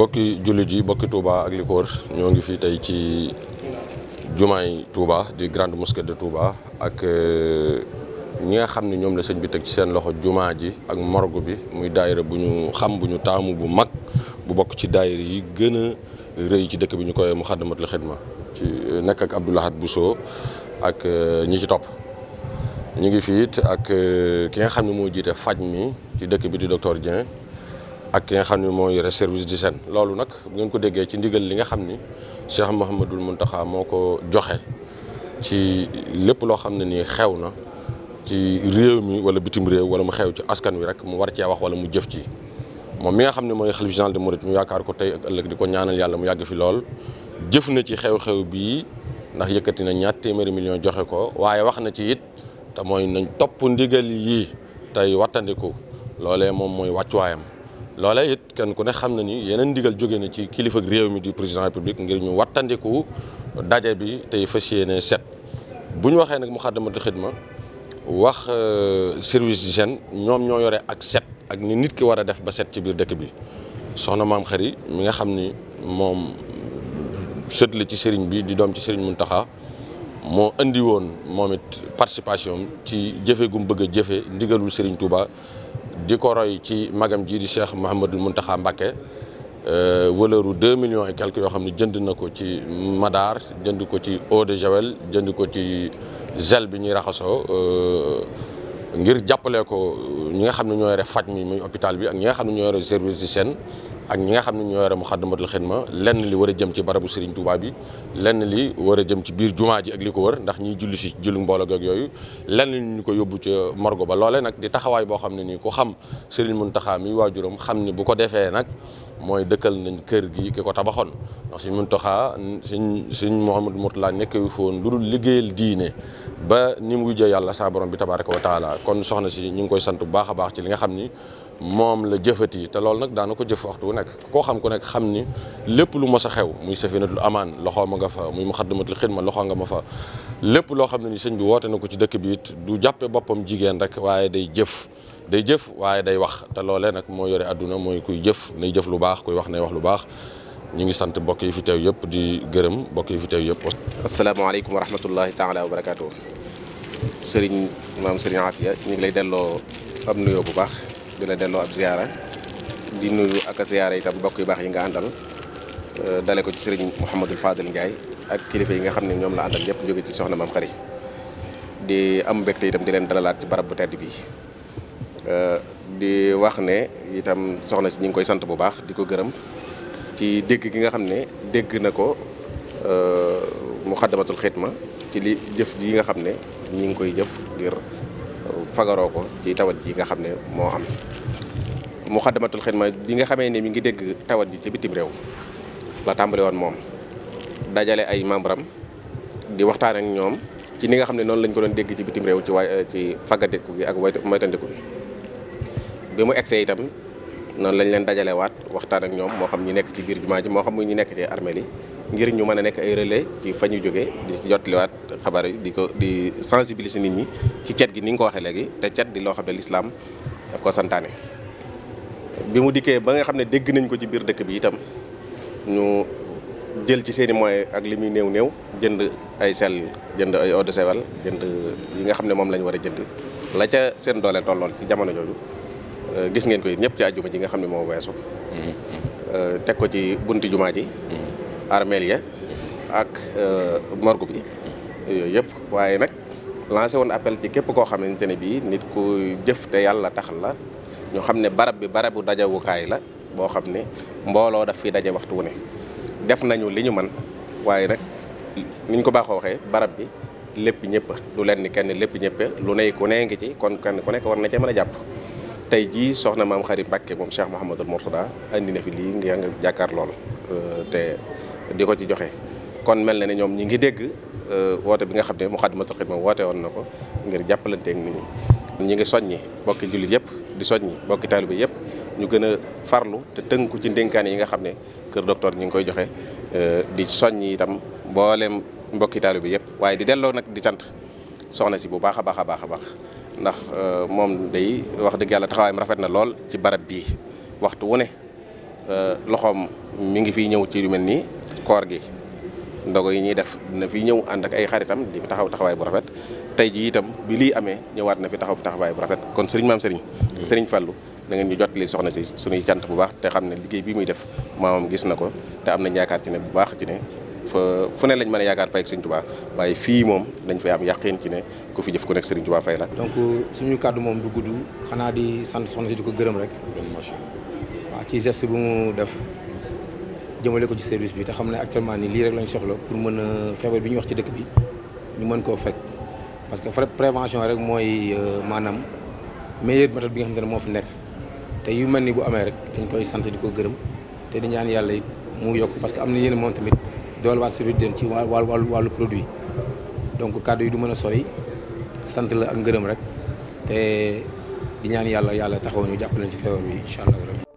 bokki jullit yi bokki Touba ak li ñoo ngi fi tey ci jumaay Touba di grande mosquée de Touba ak euh, ñi nga xam ne ñoom la sëñ bi teg ci seen loxo jumaa ji ak morgue bi muy daayira bu ñu xam bu ñu taamu bu mag bu bokk ci daayira yi gën a rëy ci dëkk bi ñu koy Muxaddamatul Xidma ci euh, nekk ak Abdou Lahad Bousso ak euh, ñi ci topp ñu ngi fi it ak ki nga xam ne moo jiite faj mi ci dëkk bi di docteur Dieng ak ki nga xam ne moo yore service d'hygiène loolu nag bu ngeen ko déggee ci ndigal li nga xam ni Cheikh Mouhamadul Mountakha moo ko joxe ci lépp loo xam ne nii xew na ci réew mi wala bitim réew wala mu xew ci askan wi rek mu war cee wax wala mu jëf ci moom mi nga xam ne mooy xalif général de Mouride mu yaakaar ko tey ak ëllëg di ko ñaanal yàlla mu yàgg fi lool jëf na ci xew-xew bii ndax yëkkati na ñaar téeméeri million joxe ko waaye wax na ci it te mooy nañ topp ndigal yii tey wattandiku loolee moom mooy wàccuwaayam loola it kenn ku ne xam na ni yeneen ndigal jóge na ci kilifa réew mi di président république ngir ñu wattandiku daje bi tey fas yéene set bu ñu waxee nag ma Moukhaddamatoul Khidma wax euh, service d'hygiène ñoom ñoo yore ak set ak ni nit ki war a def ba set ci biir dëkk bi soxna maam xari mi nga xam ni moom sët ci sëriñ bi di doom ci sëriñ Muntaxa moo indi woon moom it participation ci jëfe gum bëgg a jëfe ndigalul Serigne Touba di ko ci magam ji di Cheikh Mouhamadul Mountakha Mbacké wëlëru euh, deux millions et quelques yoo xam ne jënd na ko ci Madar jënd ko ci eau de javel jënd ko ci gel bi ñuy raxasoo euh, ngir jàppale ko ñi nga xam ne ñoo yore faj mi muy hôpital bi ak ñi nga xam ne ñoo yore service d'hygiène ak ñi nga xam ne ñoo yore Muxaddamatul Xidma lenn li war a jëm ci barabu sëriñ Touba bi lenn li war a jëm ci biir jumaa ji ak li ko wër ndax ñiy julli si julli mbooloo ak yooyu lenn li ñu ko yóbbu ca morgo ba loole nag di taxawaay boo xam ne nii ku xam Serigne Mountakha mi waajuram xam ni bu ko defee nag mooy dëkkal nañ kër gi ki ko tabaxoon si ndax Serigne Mountakha Serigne Serigne Mouhamadou Mourtala nekk yu foon lu dul liggéeyal diine ba ni mu wujjee yàlla saa borom bi tabaraka wa taala kon soxna si ñu ngi koy sant bu baax a baax ci li nga xam ni moom la jëfat jëfati te lool nag daana ko jëf waxtu wu nekk koo xam ko nekk xam ni lépp lu mos a xew muy safinatul amaan loxoo a nga fa muy muxaddamatul xidma loxoo nga ma fa lépp loo xam ne ni sëñ bi woote na ko ci dëkk bi it du jàppe boppam jigéen rek waaye day jëf day jëf waaye day wax te loolee nag moo yore àdduna mooy kuy jëf nay jëf lu baax kuy wax nay wax lu baax ñu ngi sant mbokk yi fi teew yëpp di gërëm mbokk yi fi teew yëpp asalaamaaleykum wa rahmatullahi taala wa barakaatu sëriñ maam sëriñ Afia ñu ngi lay delloo am nuyoo bu baax di la delloo ab ziyaara di nuyu ak ziyaara itam mbokk yu baax yi nga àndal euh, dale ko ci sëriñ Mouhamadul Fadil Ndiaye ak kilifa yi nga xam ne ñoom la àndal yëpp jóge ci soxna maam xari di am mbégte itam di leen dalalaat ci barab bu tedd bii euh, di wax ne itam soxna si ñu ngi koy sant bu baax di ko gërëm ci dégg gi nga xam ne dégg na ko euh, mu xaddamatul ma ci li jëf yi nga xam ne ñi ngi koy jëf ngir fagaroo ko ci tawat ji nga xam ne moo am Muxaddamatul ma bi nga xame ni mi ngi dégg tawat ji ci bitim réew la tàmbali woon moom dajale ay membre am di waxtaan ak ñoom ci ni nga xam ne noonu lañ ko doon dégg ci bitim réew ci waay ci faggandiku gi ak moytandiku bi bi mu egsee itam noonu lañ leen dajalewaat waxtaan ak ñoom moo xam ñu nekk ci biir jumaa ji moo xam ñu nekk ci armeel yi ngir ñu mën a nekk ay relais ci fa ñu jógee di jotliwaat xabaar yi di ko di sensibiliser nit ñi ci cet gi ni nga ko waxee léegi te cet di loo xam ne lislaam daf ko santaane. bi mu dikkee ba nga xam ne dégg nañ ko ci biir dëkk bi itam ñu jël ci seeni moyens ak li muy néew néew jënd ay sel jënd ay eau de jënd yi nga xam ne moom la ñu war a jënd la ca seen doole tollool ci jamono jooju gis ngeen ko it ñëpp ci àjjuma ji nga xam ne moo weesu mm-hmm. euh, teg ko ci bunti jumaa ji mm-hmm. armeel ya ak euh, morgue bi yooyu yëpp waaye nag lancé woon appel ci képp koo xamante ne bii nit ku jëf te yàlla tax la ñu xam ne barab bi barabu dajawukaay la boo xam ne mbooloo daf fi daje waxtu wu ne def nañu li ñu man waaye nag nuñ ko baaxoo waxee barab bi lépp ñëpp du leen ni kenn lépp ñëpp lu ne ku ne ngi ci kon kenn ku nekk war na cee man a jàpp tey jii soxna maam xarit Mbàkke moom Cheikh Mouhamadul Mourtada andi na fi lii nga jàkkaar lool euh, te di ko ci joxe kon mel na ne ñoom ñi ngi dégg euh, woote bi nga xam ne Moukhaddamatoul Khidma woote woon na ko ngir jàppalanteeg nit ñi ñi ngi soññi bokki jullit yëpp di soññi bokki taalibe yëpp ñu gën a farlu te tënku ci ndénkaan yi nga xam ne kër docteur ngi koy joxe euh, di soññi itam mbooleem mbokki taalibe yëpp waaye di delloo nag di sant soxna si bu baax a baax a baax a baax ndax euh, moom day wax dëgg yàlla taxawaayam rafet na lool ci barab bii waxtu wu ne loxoom mi ngi fiy ñëw ci lu mel nii koor gi ndogo yi ñuy def dina fi ñëw ànd ak ay xaritam di fi taxaw taxawaay bu rafet tey ji itam bi lii amee ñëwaat na fi taxaw taxawaay bu rafet kon sëriñ maam sëriñ sëriñ Fallou da ngeen ñu jot li soxna si suñuy cant bu baax te xam ne liggéey bii muy def maamam gis na ko te am nañ yaakaar ci ne bu baax ci ne fa fu ne lañ mën a yaakaar fay ak sëriñ waaye fii moom dañ fay am yàqin ci ne ku fi jëf ku nekk sëriñ Touba fay la donc suñu kàddu moom du gud xanaa di sant soxna si di ko gërëm rek waaw ci jëmale ko ci service bi te xam ne actuellement nii lii rek lañ soxla pour mën a feebar bi ñu wax ci dëkk bi ñu mën koo fekk parce que prévention rek mooy euh, maanaam meilleure méthode bi nga xam ne moo fi nekk te yu mel ni bu amee rek dañ koy sant di ko gërëm te di yàlla mu yokk parce que am na yéen moom tamit dool waat service den ci wàll wàllu produit donc kàddu yi du mën a sori sant la ak ngërëm rek te di ñaan yàlla yàlla taxaw ñu jàppale ci feebar bi incha allah.